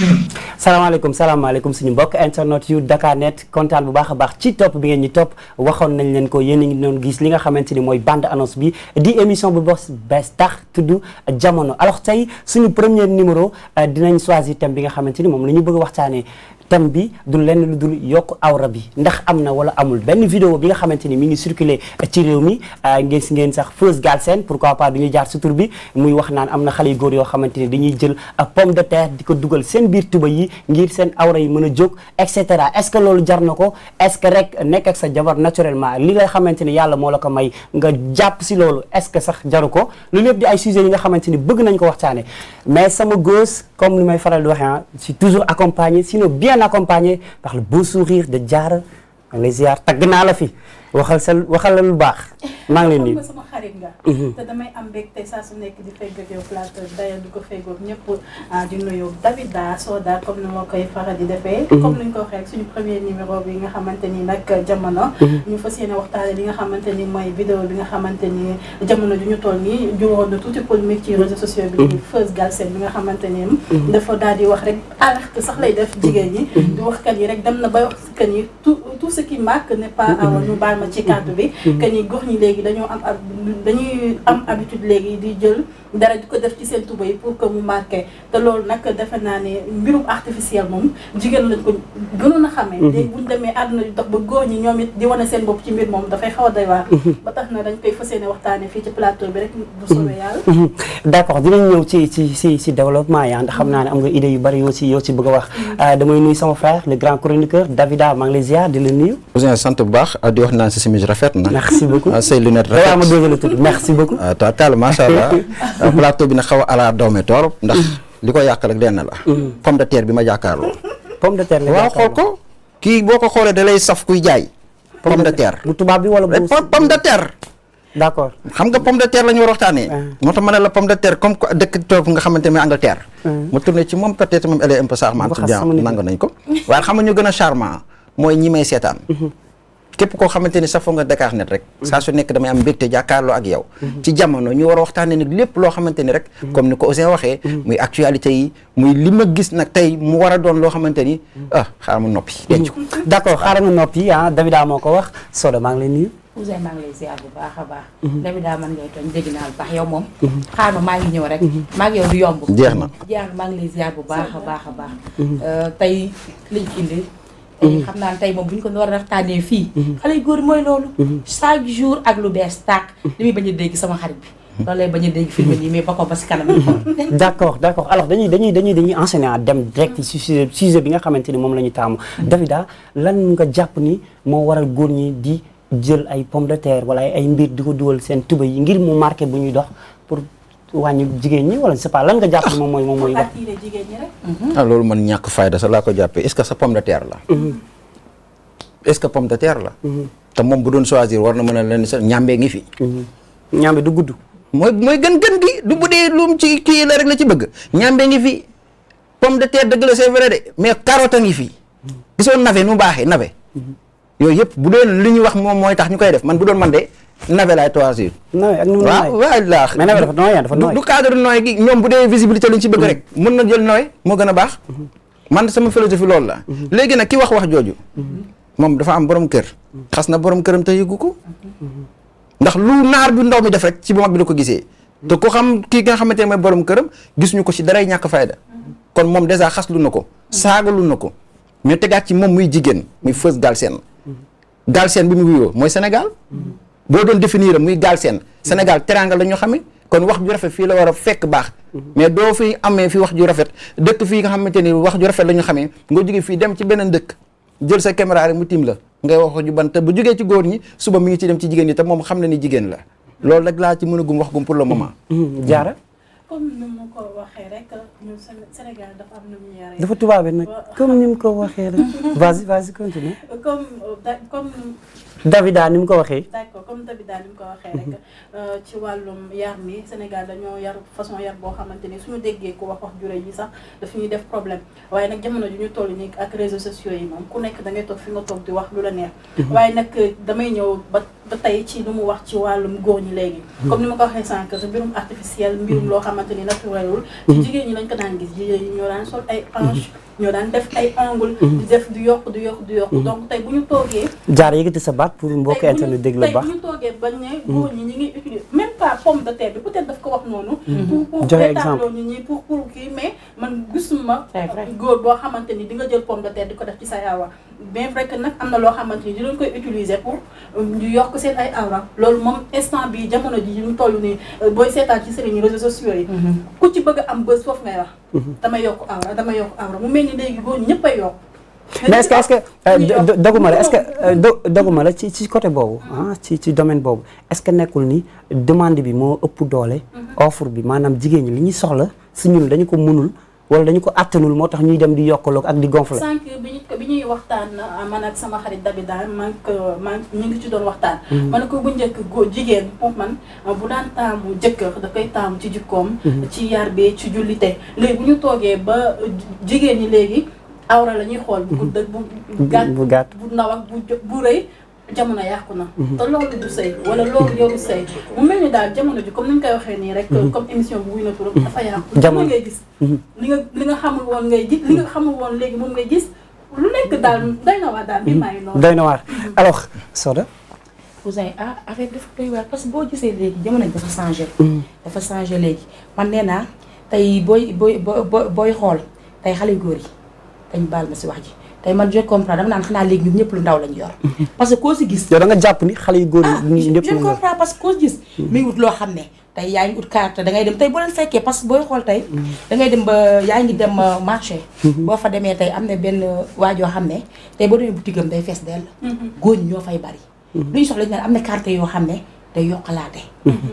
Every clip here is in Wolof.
Hmm. salaamaaleykum salaamaaleykum suñu mbokk internet yu Dakar net kontaan bu baax a baax ci topp bi ngeen ñu topp waxoon nañ leen ko yéen a ngi gis li nga xamante ni mooy band annonce bi di émission bu bos bees tax tudd jamono alors tey suñu premier numéro euh, dinañ choisir thème bi nga xamante ni moom la ñu bëgg waxtaanee tam bi du lenn lu dul yokk awra bi ndax am na wala amul benn vidéo bi nga xamante ni mi ngi circulé eh, ci réew mi eh, ngeen si ngeen sax feuse gaal seen pourquoi pas du ñu jaar sutur bi muy wax naan am na xale yu góor yoo xamante ni dañuy jël eh, pomme de terre di ko dugal seen biir tuba yi ngir seen awra yi mën a jóg et cetera est ce que loolu jar na ko est que rek nekk ak sa jabar naturellement li nga xamante ni yàlla moo la ko may nga jàpp si loolu est ce que sax jaru ko lu lépp di ay sujets xamante ni bëgg nañ ko waxtaane mais sama gos comme lu may faral di waxee ah bien accompagné par le beau sourire de Diarra. les ziar tagg naa la fi waxal sa waxal la lu baax. maa ngi leen di sama xarit nga. Mhm. te damay am mbégte saa su nekk di feggoog yow plateau d'ailleurs di ko feggoog ñëpp ah, di nuyu Davida Soda comme ni ma koy faral di defee. Mhm. comme ni ñu ko waxee rek suñu premier numéro bi nga xamante ni nag jamono. Mhm. ñu fas yéene waxtaane li nga xamante ni mooy vidéo bi nga xamante ni jamono ju ñu toll nii juróom na tuuti polémique ci réseaux sociaux bi. di Feuz Galsen bi nga xamante ni. dafa daal di wax rek alerte sax lay def jigéen ñi. di wax kat yi rek dem na ba wax kat yi tout tout ce qui ma ci kàddu bi que ni gox ñi léegi dañoo am ab dañuy am habitude léegi di jël dara di ko def ci seen tuba yi pour que mu te loolu nag defe naa ne mbirum artificiel moom jigéen lañ ko gënoon a xamee mhm. léegi ñi ñoom it di wane ci mbir moom dafay xaw a doy mhm. dañ koy fas yéene waxtaane fii ci plateau bi rek bu soobee mhm. yàlla d'accord dinañ ñëw ci ci ci ci développement yaa ndax xam naa ne am nga idée yu bari yoo ci yoo ci bëgg a wax euh, damay nuyu sama frère le grand chroniqueur Davida maa ngi lay nuyu sant bu baax di wax naa naan sa simis rafet na. merci beaucoup ah, say lunettes rafet ma dégg la tudd merci beaucoup. Ah, taal macha allah ah, plateau bi na xaw a ala doome torop ndax li ko yàq rek lenn la. Mm. pomme de terre bi ma jàkkaarloo. pomme de terre la waaw xool ko. kii boo ko xoolee da lay saf kuy jaay. pomme de terre bu tubaab bi wala bu. Eh, pomme de terre. d' accord xam nga pomme de terre la ñu war waxtaanee. moo tax ma ne la pomme de terre comme dëkk toog nga xamante ne Angleterre. ma tourné ci moom peut être moom elle est un peu charmante. nangu nañ ko waaye xam nga ñu gën a charmant mooy ñi may seetaan. Mm-hmm. képp koo xamante ni safoo nga Dakar net rek mm-hmm. saa su nekk damay am mbégte jàkkaarloo ak yow mm-hmm. ci jamono ñu war a waxtaane nag lépp loo xamante rek mm-hmm. comme ni ko Ouzin waxee muy actualité yi muy li ma gis nag tey mu war a doon loo xamante ni ah xaaral ma noppi denc ko d'accord xaaral ma noppi ah Davida moo wax Soda maa ngi lay nuyu Ouzin maa ngi lay a baax Davida man ngay tooñ dégg naa lu baax yow moom xaar ma maa ngi ñëw rek maa ngi yow du yomb jeex na jeex na maa ngi lay ziar bu baax a baax a baax euh, tey mm-hmm. xam naa tey moom bu ñu ko war a waxtaanee fii mm-hmm. xale yu góor mooy loolu mm-hmm. chaque jour ak lu bees tàkk li muy bañ a dégg sama xarit bi loolu lay bañ a dégg film yi mais ba ko ba si kanam d' accord d' accord alors dañuy dañuy dañuy dañuy enseigné à dem direct si bi nga xamante ni moom la ñu taamu Davida lan nga jàpp ni moo waral góor ñi di jël ay pomme de terre wala ay mbir di ko dugal seen tuba yi ngir mu marqué bu ñuy dox wàññi jigéen ñi wala c'est pas lan nga jàpp moom mooy moom mooy. Mm-hmm. ah loolu man ñàkk fayda sax laa ko jàppee est que sa pomme de terre la. Mm-hmm. est-ce que pomme de terre la. Mm-hmm. te moom bu doon choisir war na mën a leen sa ñàmbee ngi fi. ñàmbe du gudd. mooy mooy gën gën gi du bu dee lu ci kii la rek la ci bëgg ñàmbe ngi fi pomme de terre dëgg la c'est vrai de mais carotte a ngi fi. gisoon nafe nu mu baaxee nafe. yooyu yëpp bu dee li ñu wax moom mooy tax ñu koy def man bu doon man de nawe laay choisir. nawe ak ñoom nooy waaw laax. dafa nooy ah, dafa nooy du cadre nooy gi ñoom bu dee visibilité lañ ci bëgg rek. Mm-hmm. mën na jël nooy moo gën a baax. Mm-hmm. man sama philosophie loolu la. Mm-hmm. léegi nag ki wax wax jooju. moom dafa am boroom kër. xas na borom këram te yëgu ko. ndax lu naar bi ndaw mi def rek ci bu bi la ko gisee. te ko xam kii nga xamante ne mooy borom këram gisuñu ko ci daray ñàkk fayda. kon moom dèjà xaslu na ko. saagalu na ko. mu tegaat ci moom muy jigéen muy fës gaal seen. gaal seen bi mu wuyoo mooy Sénégal. boo doon définir muy gaal seen Sénégal teranga la ñu xamee kon wax ju rafet fii la war a fekk baax mais doo fi amee fi wax ju rafet dëkk fii nga xamante ni wax ju rafet la ñu xamee nga jóge fii dem beneen dëkk jël sa caméra mu tiim la ngay wax ju ban bu jógee ci góor ñi suba mi ngi ci dem ci jigéen ñi te moom xam na ni jigéen la loolu rek laa ci mën a gum wax gum pour le moment mm-hmm. Mm-hmm. jaara mu ko waxee rek ñun Sénégal dafa am nu tubaabee nag comme ni mu ko waxee rek. vas-y vas Davida ni mu ko waxee. d'accord comme Davida ni mu ko waxee rek euh, ci wàllum yar mi Sénégal dañoo yar façon yar boo xamante ni suñu déggee ko wax wax jure yi sax daf ñuy def problème waaye nag jamono ju ñu toll nii ak réseaux sociaux yi moom ku nekk da ngay toog fi nga toog di wax lu la neex. Mhm. waaye nag damay ñëw ba. ba tey ci lu mu wax ci wàllum góor ñi léegi comme ni ma ko waxee sànq mbirum artificiel mbirum loo xamante ni naturelul ci mm-hmm. jigéen ñi lañ ko daan gis jigéen ñi ñoo daan sol ay hanche ñoo daan def ay ongle di mm-hmm. def du yokk du yokk du yokk mm-hmm. donc tey bu ñu toogee jaar yëkkati sa baat pour mbokk internet dégg la baax tey bu ñu toogee bañ ne góor ñi ñi ngi utiliser pas pomme de terre bi peut-être daf ko wax noonu. Mm-hmm. pour pour kii mais man gisuma. góor boo xamante ni di nga jël pomme de terre di ko def ci sa yaawa. bien vrai nag am na loo xamante ni dinañ koy utiliser pour euh, ñu yokk seen ay awra loolu moom instant bi jamono ji ñu toll nii euh, booy seetaan ci sëriñ réseaux sociaux yi. Mm-hmm. ku ci bëgg am bës foofu ngay wax. Mm-hmm. dama yokk awra dama yokk awra mu mel ni léegi góor ñëpp a yokk. mais est-ce que est-ce que euh, oh, doguma la est que oh. euh, doguma la ci ci côté boobu ah ci ci domaine boobu est-ce que nekkul ni demande bi moo ëpp doole. Mhm. offre bi maanaam jigéen ñi li ñuy soxla si ñun dañu ko mënul wala dañu ko attanul moo tax ñuy dem di yokkaloog ak di gonfler. bi ñu waxtaan ah, man ak sama xarit Dabi daal man man ñu ngi ci doon waxtaan. Mhm. man ko bu njëkk góor jigéen pour man ah, bu daan taamu jëkkër da koy taamu ci jikkoom. Mhm. ci yar bi ci jullite léegi ñu toogee ba jigéen ñi léegi. awra la ñuy xool. bu gudd bu gàtt bu gàtt bu ndaw ak bu bu rëy. jamono yàqu na mhm. te loolu du sëy wala loolu yoru sëy mu mel ni daal jamono ji comme ni ñu koy waxee nii rek mhm. comme émission bu wuy na mhm. jamono ngay gis li nga li nga xamul woon ngay gis li nga xamul woon léegi moom ngay gis lu nekk daal doy na waar daal bi maa ngi noonu doy na waar alors ah affaire dafa doy waar parce que boo gisee léegi jamono ji dafa changé dafa changé léegi man nee naa tey booy booy booy xool tey xale yu góor yi dañ baal ma si wax ji tey man je comprends dama naan xanaa léegi ñun ñëpp lu ndaw lañ yor. Mm-hmm. parce que koo si gis. yow da nga jàpp ni xale yu góor yi. Ah, ñëpp que mm-hmm. loo xam ne tey yaa ngi ut carte tey boo leen fekkee parce que booy mm-hmm. da ngay dem ba yaa ngi dem euh, marché. boo fa demee tey am na benn waajoo xam ne tey boo demee day fees dell. góor ñi ñoo fay bari. lu ñu soxla ñu naan am na carte yoo xam ne day yokkalaate.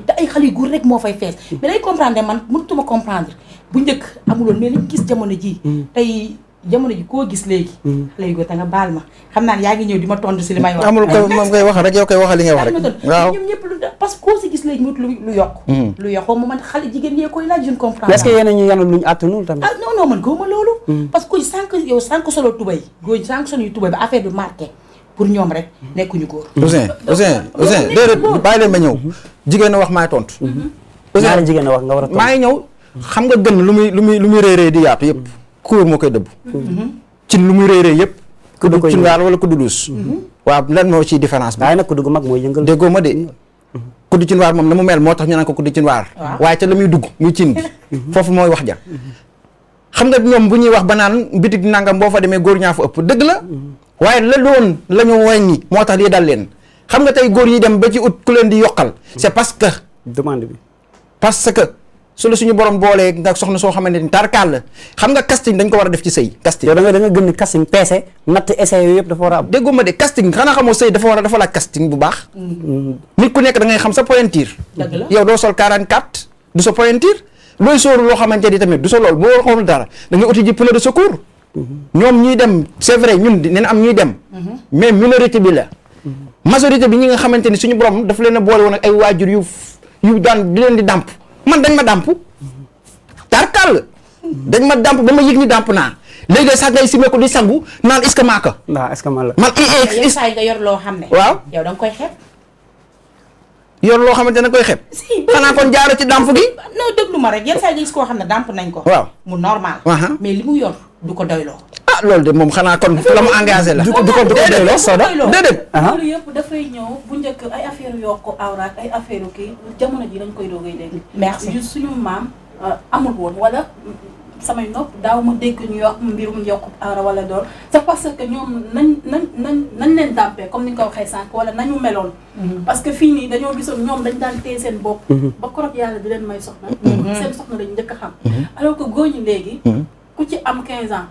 te ay xale yu góor rek moo fay fees. mais day comprendre man mënutuma comprendre bu njëkk amuloon mais liñ gis jamono ji tey jamono ji koo gis léegi. xale hmm. yu góor ta nga baal ma xam naa yaa ngi ñëw di ma tontu si li may wax. amul ko moom ngay wax rek yow koy waxal li ngay wax rek. waaw gis léegi ñut lu yokk. Hmm. lu yokkoo mu a ñu yanul luñ ah, hmm. parce que sànq yow sànq solo tubay góor sànq solo yu tubay ba affaire pour ñoom rek nekkuñu góor. Ousseyn Ousseyn Ousseyn déedéet bàyyi leen ma ñëw jigéen a wax maa tontu. Ousseyn ñaari jigéen a wax nga a maa ngi ñëw xam nga gën lu muy lu muy lu muy réeree di yaatu yëpp cour moo koy dëbb cin lu muy réeréer yëpp ku dugg cin waal wala ku duluus waaw lan moo ciy différence bi waaye nag ku dugg mag mooy yëngal déggoo ma de mm-hmm. kuddu cin waar moom na mu mel moo tax ñu naan ko kuddu cin waar waaye te la muy dugg muy cin bi mm-hmm. foofu mooy wax ja xam nga ñoom bu ñuy wax ba naan bitig nangam boo fa demee góor ñaa fa ëpp dëgg la mm-hmm. waaye la loon la ñu ni moo tax lii dal leen xam nga tey góor ñi dem ba ci ut ku leen di yokkal c'est parce que demande bi su la suñu borom boolee nga soxna soo xamante ni tarkaal la xam nga casting dañ ko war a def ci sëy casting yow da nga da casting peese natt essai yëpp dafa war a am de casting xanaa xamoo sëy dafa war a dafa laaj casting bu baax mm-hmm. nit ku nekk da xam sa pointure yow doo sol 44 du sa pointure looy sóoru loo xamante ni tamit du sa lool boo waxoon dara da ngay uti ji pneu mm-hmm. ñoom ñuy dem c'est vrai ñun dinañ am ñuy dem mm-hmm. bi la majorité bi ñi nga xamante ni suñu borom daf a boole woon ak ay waajur yu yu di leen man dañ ma dàmp tarkal dañ ma dàmp ba ma yëg ni dàmp naa léegi sax ngay simee ko di sangu naan est-ce que maa que man la. man yenn saa nga yor loo xam ne. waaw da nga koy xeeb. loo xamante ne koy xeeb. xanaa kon jaaro ci dàmp gi. non déglu ma rek yenn saa yi nga gis koo xam ne dàmp nañ ko. waaw mu normal. mais li mu yor du ko doyloo. ah loolu de moom xanaa kon la mu engagé la. du ko du ko doyloo Soda déedéet. loolu yëpp dafay ñëw bu njëkk ay affaire yokk awraak ay affaire kii jamono ji dañ koy doogay léegi. merci suñu maam euh, amul woon wala. samay nopp daaw ma dégg ñu wax mbirum yokku aara wala doon c'est parce que ñoom nañ nañ nañ nañ leen dàmpee comme ni nga ko waxee sànq wala nañu meloon mhm. parce que fii nii dañoo gisoon ñoom dañ daan téye seen bopp mhm. ba korog yàlla di leen may soxna mhm. seen soxna lañu njëkk a xam alors que góor ñi léegi ku ci am quinze ans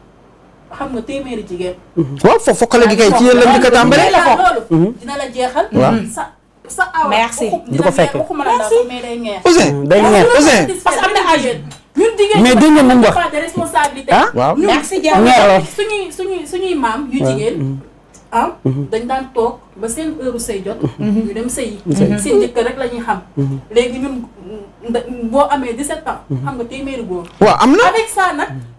xam nga téeméeri jigéen. waaw foofu fokkale gi kay ci yéen la njëkk a tàmbalee la ko mm-hmm. dina la jeexal. waaw sa sa awa. merci du ko fekk mais day neex. day neex Ousseyn parce que am na âge. ñun jigéen mais dégg nga mu wax de responsabilité. ah, ah suñuy suñuy maam yu ah. jigéen. Mm-hmm. ah mm-hmm. dañ daan toog ba seen heure sëy jot. ñu dem sëy yi. seen jëkkër rek la ñuy xam. léegi ñun mm, boo amee di ans. xam nga téeméeri góor. waaw am na avec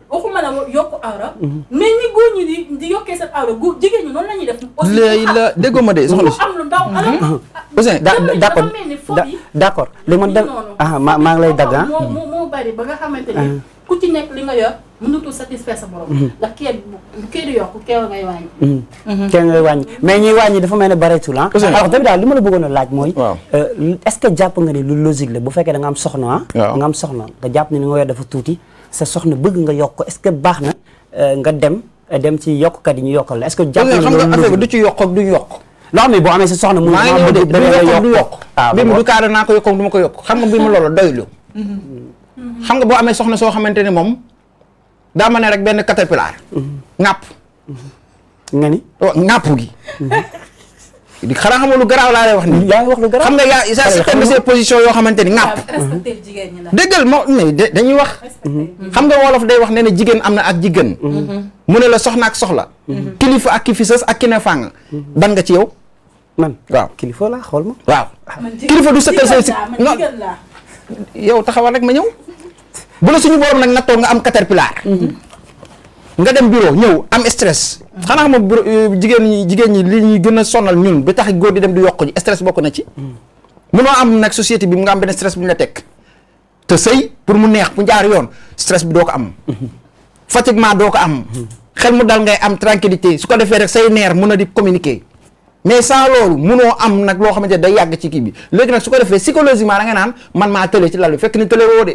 waxuma la yokk awra. mais ni góor ñi di di yokkee seen awra góor jigéen ñi noonu la ñuy def. aussi léegi la déggoo ma de soxna si am lu ndaw alors. Mhm. Ah, Ousseyn d' accord d' accord léegi man da ah maa maa ngi lay dagg ah. moo moo moo bari ba nga xamante ni. Ah. ku ci nekk li nga yor mënutul satisfaire sa borom. Mhm. ndax kee kee di yokk kee ngay wàññi. Mhm. kee ngay wàññi mais ñuy wàññi dafa mel ne bareetul ah. alors tamit daal li ma la bëggoon a laaj mooy. Euh, est-ce que jàpp nga ni lu logique la bu fekkee da nga am soxna ah. nga am soxna nga jàpp ni nga yor dafa tuuti sa soxna bëgg nga yokk ko est-ce que baax na euh, nga dem dem ci yokkat yi ñu yokkal la est-ce que jàpp na xam nga affaire du ci yokk ak duñ yokk loo xam ne boo soxna ah, mu yokk du naa yokk ma ko yokk xam nga bi mu loolu xam nga boo amee soxna soo xamante ne moom daa ma ne rek benn caterpillar mhm. ŋàpp nga ni oh, ŋàpp gi mhm. xanaa xamoo lu garaaw laa lay wax nii. yaa ngi wax lu garaaw xam nga yaa sa certaine de ces positions yoo xamante ni ŋàpp. dëggal moo mais dañuy wax. Mhm. xam nga wolof day wax ne ne jigéen am na ak jigéen. Mhm. mu ne la soxna ak soxla. Mhm. kilifa ak ki fisas ak ki ne fàng. ban nga ci yow. man waaw kilifa laa xool ma. waaw ah, kilifa du sëkkal say si non yow taxawal rek ma ñëw. bu la suñu borom nag nattoo nga am caterpillar. nga dem bureau ñëw am stress. xanaa xam nga euh, jigéen ñi jigéen ñi li ñuy gën a sonal ñun ba tax góor di dem di yokk ji stress bokk na ci. mënoo am nag société bi mu nga am benn stress bu ñu la teg te sëy pour mu neex bu jaar yoon stress bi doo ko am. fatiguement doo ko am. xel mu dal ngay am tranquillité su ko defee rek say neer mën a di communiquer mais sans loolu munoo am nag loo xamante ne day yàgg ci kii bi léegi nag su ko defee psychologiquement da nga naan man maa tële ci lal bi fekk ni tële woo de.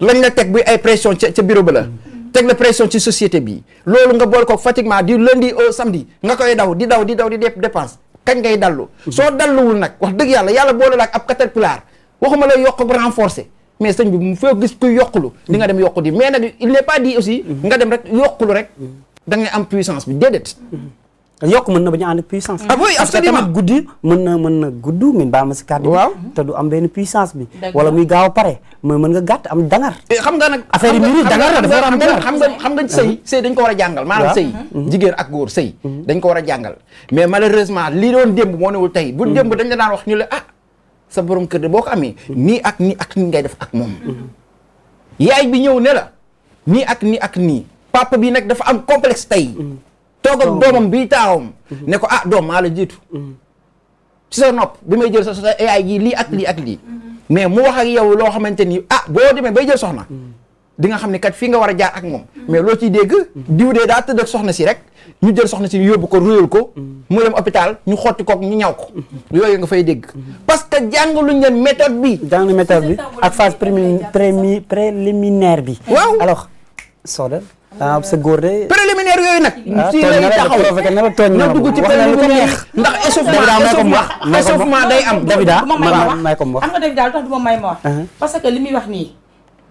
lañ la teg buy ay pression ca ca bureau ba la. teg na pression ci société bi loolu nga boole ko fatiguement di lundi au samdi nga koy daw di daw di daw di dépense kañ ngay dallu mhm. soo dalluwul nag wax dëgg yàlla yàlla boole la ak ab caterpillar waxuma la yokk ak renforcer mais sëñ bi mu foo gis kuy yokkulu di nga dem yokku di mais nag il n'est pas dit aussi mhm. nga dem rek yokkulu rek mhm. dangay am puissance bi déedéet yokk mën na bañ a ànd puissance. ah oui absolument parce que guddi mën na mën na gudd min baa ma si kàddu. waaw te du am benn puissance bi. wala muy gaaw a pare mooy mën nga gàtt am dangar. Eh, xam nga nag affaire yi mbiri dangar a am dangar xam nga xam nga sëy mhm. ko war a jàngal maanaam sëy mhm. jigéen ak góor sëy mhm. dañ ko war a jàngal mais malheureusement li doon démb moo newul tey bu démb dañ la wax ñu la ah sa borom kër boo amee nii ak nii ak nii ngay def ak moom yaay bi ñëw ne la nii ak nii ak nii papa bii nag dafa am complexe tey toog ak doomam bii taawam mhm. ne ko ah doom maa la jiitu mhm. ci sa nopp bi may jël sa sa yaay ji lii ak lii ak lii mhm. mais mu wax ak yow loo xamante ni ah boo demee bay jël soxna dinga xam ne kat fii nga war a jaar ak moom mais loo ciy dégg diw dee daa tëdd ak soxna si rek ñu jël soxna si yóbbu ko ruyal ko mu dem hôpital ñu xotti ko ñu ñaw ko yooyu nga fay dégg parce que jàng luñ leen méthode bi jàng méthode bi ak phase préliminaire bi waaw alors Soda ah sa góor de. préliminaire yooyu nag. si ah, lay taxaw na dugg ci préliminaire ndax échauffement day am. Davida may ko wax am nga dégg daal tax du ma may ma wax. Uh-huh. parce que li muy wax nii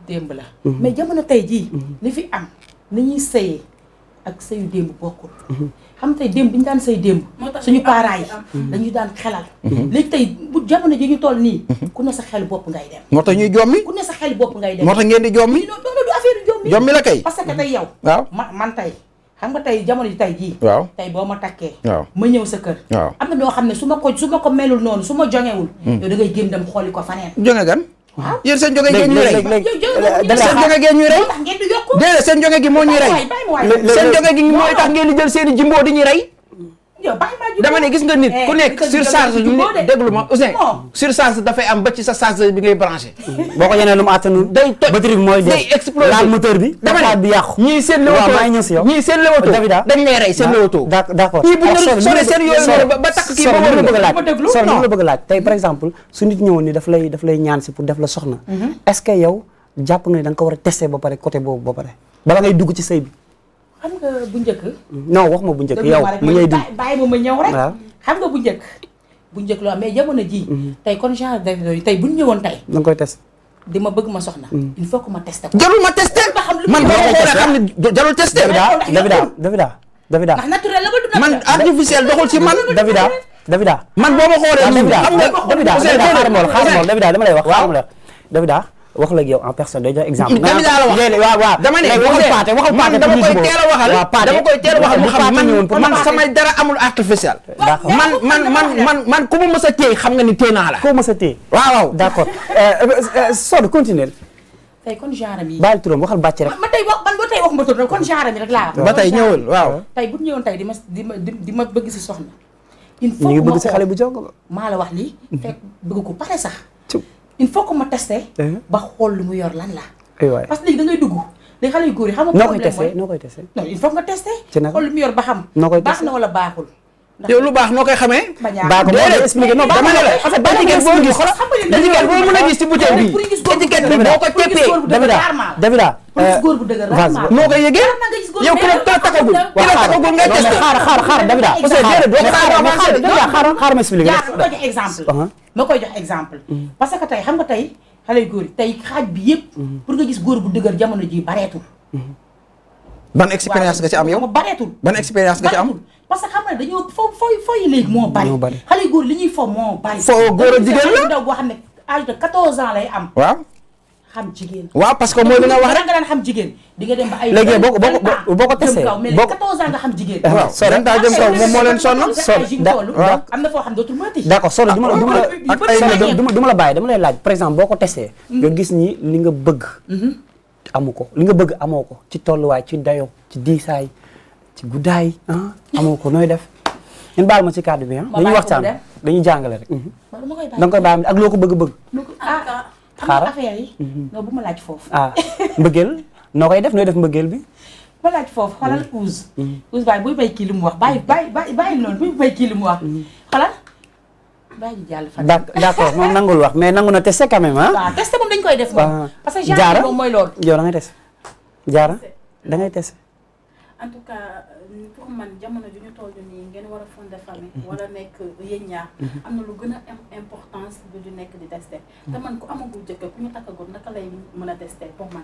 démb la. Uh-huh. mais jamono tey jii. Uh-huh. li fi am ni ñuy sëyee. ak sëyu démb bokkul mhm. xam tey démb bi ñu daan sëy démb suñu parents yi mhm. dañuy daan xelal mhm. léegi tey bu jamono ji ñu toll nii ku ne sa xel bopp ngay dem moo tax ñuy jommi ku ne sa xel ngeen di jommi jommi la kay parce que tey yow waaw ma man tey xam nga tey jamono ji tey jii waaw tey boo ma takkee waaw ma ñëw sa kër waaw am na noo xam ne su ma ko su ma ko melul noonu su ma joŋewul yow da ngay jéem xooli ko faneen joŋe gan yéen seen jóge ngeen ñuy rey seen jóge ngeen gi moo ñuy rey seen jóge gi mooy tax ngeen di jël seen i jimboo di ñuy rey dama ne gis nga nit ku eh, nekk surcharge dafay am ba ci sa charge bi ngay branché. boo ko yeneen lu mu àttanul. day toj mooy day explosé laal moteur bi. dama ñii seen la sore ni ma la bëgg a laaj tey mm-hmm. yow jàpp nga ne da ko war a testé ba pare côté boobu ba pare bala ngay dugg ci sëy bi xam nga bu njëkk. non wax ma bu njëkk yow mu ngay di bàyyi ma ma ñëw rek. xam nga bu njëkk. bu njëkk loo mais jamono ji mhm. tey kon genre de tey bu ñu ñëwoon tey. da nga koy test. di ma bëgg ma soxna. Mhm. il faut que ma testé ko. jarul ma testé. man boo ko xam ne jarul testé. Davida Davida Davida. ndax naturel la ba du man artificiel doxul ci man Davida. Davida man boo ma xoolee. Davida Davida dama lay wax. waaw Davida wax la ak yow en personne day jox exemple. dama la wax waaw waaw dama ne waxal paate waxal paate dama koy teel a waxal dama koy teel a waxal mu xam man man sama dara amul artificiel. d'accord man man man man man ku ma mës a téye xam nga ni téye naa la. koo mës a téye. waaw waaw d'accord euh, euh, euh, Sode continuer. tey kon genre bi. baal turam waxal bàcc rek. man tey wax man ba tey wax ma turam kon genre bi rek laa wax. ba tey ñëwul waaw. tey bu ñëwoon tey di ma di ma di ma bëgg si soxna. il faut que ma ko ñu ngi bëgg si xale bu jog maa la wax lii. fekk bëgg ko pare sax il faut que ma testé. Eh? ba xool lu mu yor lan la. aywaay eh parce que léegi da ngay dugg léegi xale yu góor yi. xam nga problème mooy noo koy testé noo koy testé. non il faut nga testé. ci naka lu mu yor ba xam. noo koy testé baax na wala baaxul. yow lu baax noo koy xamee. baa ko moo lay expliqué non la parce que étiquette boo gis étiquette boo mën a gis ci noo koy yëgee yow ki la takkagul ki la takkagul ngay testé xaar xaar xaar Davida parce que déedéet doo xaar xaar ma expliqué uh-huh. ma koy jox exemple mm-hmm. parce que tey xam nga tey xale yu xaaj bi yëpp mm-hmm. pour nga gis góor bu dëgër jamono ji bareetul mm-hmm. ban expérience nga ci am yow bareetul ban expérience nga ci am parce que xam nga dañoo fo fo fooy léegi moo bari xale góor li ñuy fo moo bari fo góor a jigéen la ndaw boo xam ne âge de 14 ans lay am waaw xam jigéen waaw parce que mooy li nga wax rek nga daan xam jigéen di nga dem ba ay léegi boo ko boo ko tesee mais 14 ans nga xam jigéen waaw so ren taa jëm kaw moom moo leen sonal so am na foo xam dootul mënati d'accord so duma la duma la bàyyi dama lay laaj par exemple boo ko tesee nga gis ni li nga bëgg mm-hmm. amu ko li nga bëgg amoo ko ci tolluwaay ci dayo ci diisaay ci guddaay ah ko nooy def ngeen baal ma ci kàddu bi ah. dañuy waxtaan dañuy jàngale rek. Mhm. da nga koy bàyyi ak loo ko bëgg bëgg. Ah, xaaral mhm. nga bu ma laaj foofu. ah mbëggeel noo koy def nooy def mbëggeel bi. ma laaj foofu xoolal mhm. uus. uus baay buy bay kii li mu wax bàyyi bàyyi bàyyi noonu buy bàyyi jàll fan. d' accord moom nangul wax mais nangu na testé quand même ah. moom dañ koy def moom. parce que jaara moom mooy loolu. yow da ngay testé jaara da en tout cas euh, pour man jamono ju ñu toll nii ngeen war a fondé famille. Mhm. wala nekk euh, yéen ñaar. Mhm. am na lu gën a importance du nekk di testé. Mhm. te man ku amagul jëkkër ku ñu takkagul naka lay mën a testé pour man.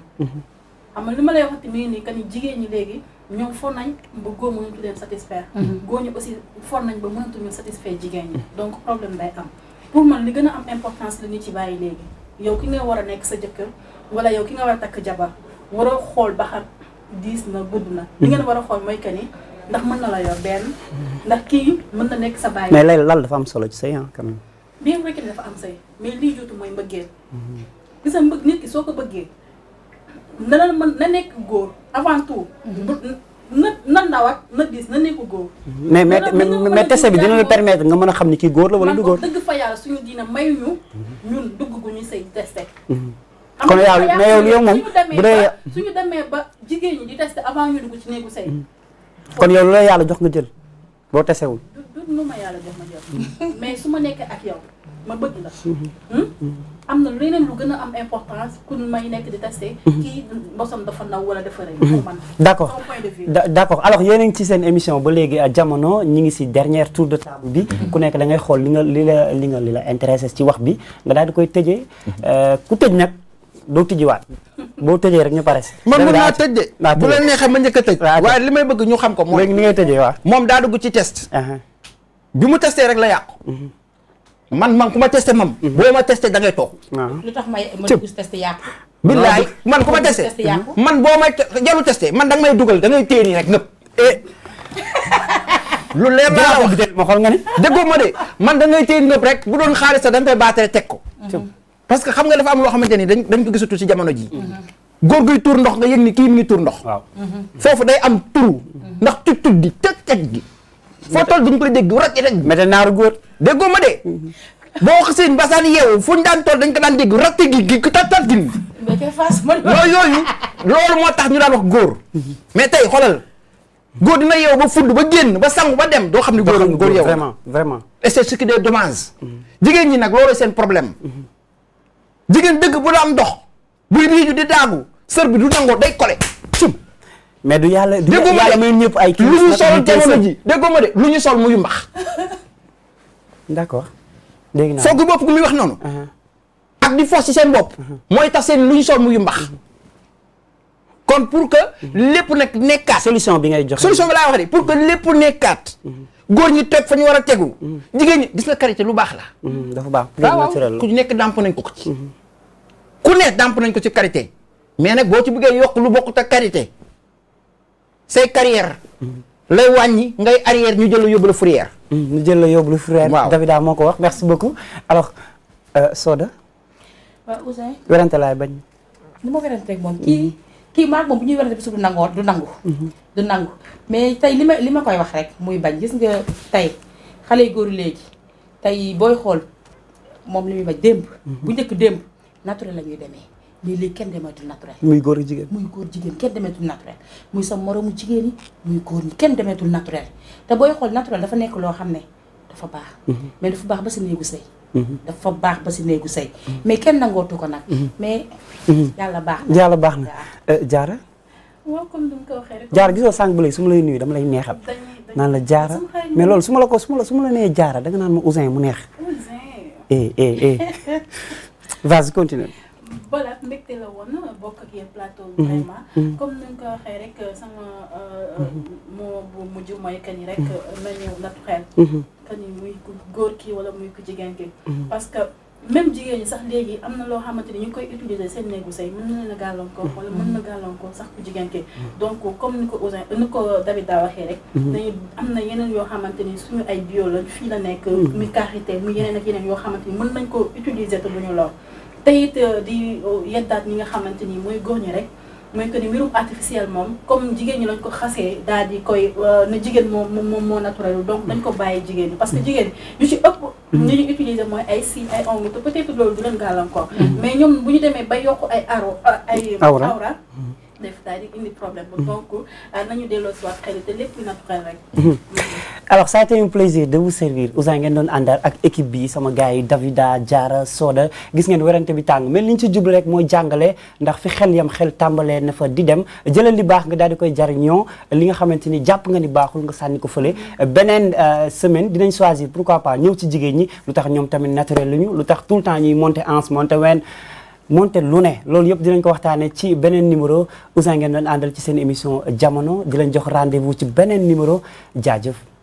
xam nga li ma lay wax tamit nii que ni jigéen ñi léegi ñoom for nañ ba góor mënatu leen satisfaire. Mhm. góor ñi aussi for nañ ba mënatuñu satisfaire jigéen ñi. donc problème day am pour man li gën a am importance la ñu ci bàyyi léegi yow ki nga war a nekk sa jëkkër wala yow ki nga war a takk jabar waroo xool ba xam diis na gudd na. li ngeen war a xool mooy que ni ndax mën na la yor benn. ndax kii mën na nekk sa bàyyi. mais lay lal dafa am solo ci sëy ah quand même. dafa am sëy mais lii juutu mooy mbëggeel. Mhm. gis nga soo ko bëggee. na la nekk góor avant tout. Mhm. na na ndaw ak na diis na nekk góor. mais mais test bi dina la permettre nga mën a xam ni kii góor la wala du góor. man dëgg fa yàlla suñu diina mayuñu. Mhm. ñun dugg ñu say testé. Mhm. kon yàlla mais yow yow moom bu demee ba jigéen ñi di testé avant ñu dugg ci néegu say. kon yow lu la yàlla jox nga jël boo testé wul. du du lu ma yàlla jox ma jël. mais su ma nekkee ak yow ma bëgg la. Hmm? am na leneen lu gën a am importance ku may nekk di testé. Mhm. kii mbosam dafa naw wala dafa rëy. d' accord d' accord alors yéen a ngi ci seen émission ba léegi a euh, jamono ñi ngi si dernière tout de table bi. Mhm. ku nekk da ngay xool li nga li la li li la intéressé ci wax bi nga daal di koy tëjee mhm. euh, ku tëj nag doo tijjiwaat. boo tëjee rek ñu pare si. man mun naa tëj de. bu la neexee ma njëkk a tëj. waaye li may bëgg ñu xam ko mooy. léegi ni ngay tëjee waaw. moom daa dugg ci test. Uh-huh. bi mu testé rek la yàqu. Mm-hmm. man man ku ma testé mam boo ma testé da ngay toog. lu tax may man ku testé yàqu. man ku ma testé. man boo may jarul testé man da may dugal da ngay téye nii rek nëpp. Eh. lu leer laa wax ma xool nga ni. déggoo ma de man da ngay téye nëpp rek bu doon xaalis sax da nga koy baatare teg ko. Mhm. parce que xam nga dafa am loo xamante ni dañ dañ ko gisatu ci jamono ji mhm. góor guy tuur ndox nga yëg ni kii mi ngi tuur ndox. Mhm. foofu day am turu. ndax tut tut di tëj teg gi. foo toll ñu ko dégg rek rek. mais te naaru góor. déggoo ma de. boo xasee mbasaan yeewu fu ñu daan toll dañ ko daan dégg raté gi gi tat tat gi. loolu yooyu loolu moo tax ñu daan wax góor. mais tey xoolal góor dina yeewu ba fudd ba génn ba sangu ba dem doo xam ne góor góor yeewu vraiment vraiment. et c'est jigéen ñi nag loolu seen problème. jigéen dëgg bu la am ndox. buy riiju di daagu sër bi du nangoo day kole sum mais du yàlla du yàlla muy ñëpp ay. kii lu ñu sol ma de lu ñu sol muy mbax. d'accord dégg naa foog bopp gu muy wax noonu. Uh-huh. ak di si seen bopp. Uh-huh. mooy tax seen lu ñu sol muy mbax. Uh-huh. kon pour que lépp nag nekkaat. solution bi ngay joxe solution bi laa wax de pour que lépp nekkaat. góor ñi teg fa ñu war a tegu. jigéen ñi gis nga karité lu baax la. dafa baax naturel ku nekk dàmp nañ ko ko ci. ku nekk dàmp nañ ko ci karité mais nag boo ci buggee yokk lu bokkut ak karité say carrière. lay wàññi ngay arrière ñu jël la yóbbu la fourrière. Mm, ñu jël la yóbbu la fourrière. waaw Davida moo ko wax merci beaucoup alors euh, Soda. waaw Ousseyn. werante laay bañ. lu ma werante rek moom mm-hmm. kii kii maag moom bu ñuy werante bi du nangoo du nangu. Mm-hmm. du nangu mais tey li ma li ma koy wax rek muy bañ gis nga tey xale yu góor léegi tey booy xool moom li muy bañ démb. Mm-hmm. bu njëkk démb naturel la ñuy demee. mais léegi kenn demeetul naturel. muy góor jigéen muy góor jigéen kenn demeetul naturel muy sa moroomu jigéen muy góor ñi kenn demeetul naturel te booy xool naturel dafa nekk loo xam ne dafa baax. Mhm. mais dafa baax ba si néegu sëy. Mhm. dafa baax ba si néegu sëy. Mhm. mais kenn nangootu ko nag. mais yàlla baax na yàlla baax na euh, jaara. waaw comme ko waxee rek. jaara gisoo sànq bu lay su ma lay nuyu dama lay neexal. naan la jaara mais loolu su ma la ko su ma la su ma la nee jaara danga naan ma Ousin mu neex. Ousin eh, eh, eh. continuer voilà mbégte la woon bokk ak yéen plateau mhm. vraiment mhm. comme nañ ko waxee rek sama euh, euh, mhm. moo bu mujj mooy que ni rek nañu naturel que ni muy ku góor kii wala muy ku jigéen kii parce que même jigéen ñi sax léegi am na loo xamante ni ñu ngi koy utiliser seen néegu say mën na leen a gàllankoor wala mën na gàllankoor sax ku jigéen ki donc comme ni ko Ousin ni ko David daa waxee rek dañu am na yeneen yoo xamante ni suñu ay bio la fii la nekk muy carité muy yeneen ak yeneen yoo xamante ni mën nañ ko utiliser te ñu lor te it euh, di oh, yeddaat ñi nga xamante nii mooy góor ñi rek mooy que ni mbirum artificiel moom comme jigéen ñi lañ ko xasee daal di koy euh, na jigéen moom moom moo naturel donc dañ ko bàyyi jigéen ñi parce que jigéen ñu ci ëpp ñu mm-hmm. ñu utiliser mooy ay si ay ongle te peut du leen gàllankoor mm-hmm. mais ñoom bu ñu demee ba yokk ay aro euh, ay awra mm-hmm. def daal di indi problème bu donc euh, nañu delloo si waat xel naturel rek. alors ça a été un plaisir de vous servir Ousin ngeen doon àndal ak équipe sama gars yi Davida Diarra Soda gis ngeen werante bi tàng mais li ñu ci jublu rek mooy jàngale ndax fi xel yam xel tàmbalee na fa di dem jëlal li baax nga daal di koy jariñoo li nga xamante ni jàpp nga ni baaxul nga sànni ko fële beneen euh, semaine dinañ choisir pourquoi pas ci jigéen ñi lu tax ñoom tamit naturel la ñu lu tax tout le temps ñuy monter ans monter wen moonte lu ne loolu yëpp dinañ ko waxtaanee ci beneen numéro Ouzin ngeen doon àndal ci seen émission jamono di jox rendez-vous ci beneen numéro jaajëf.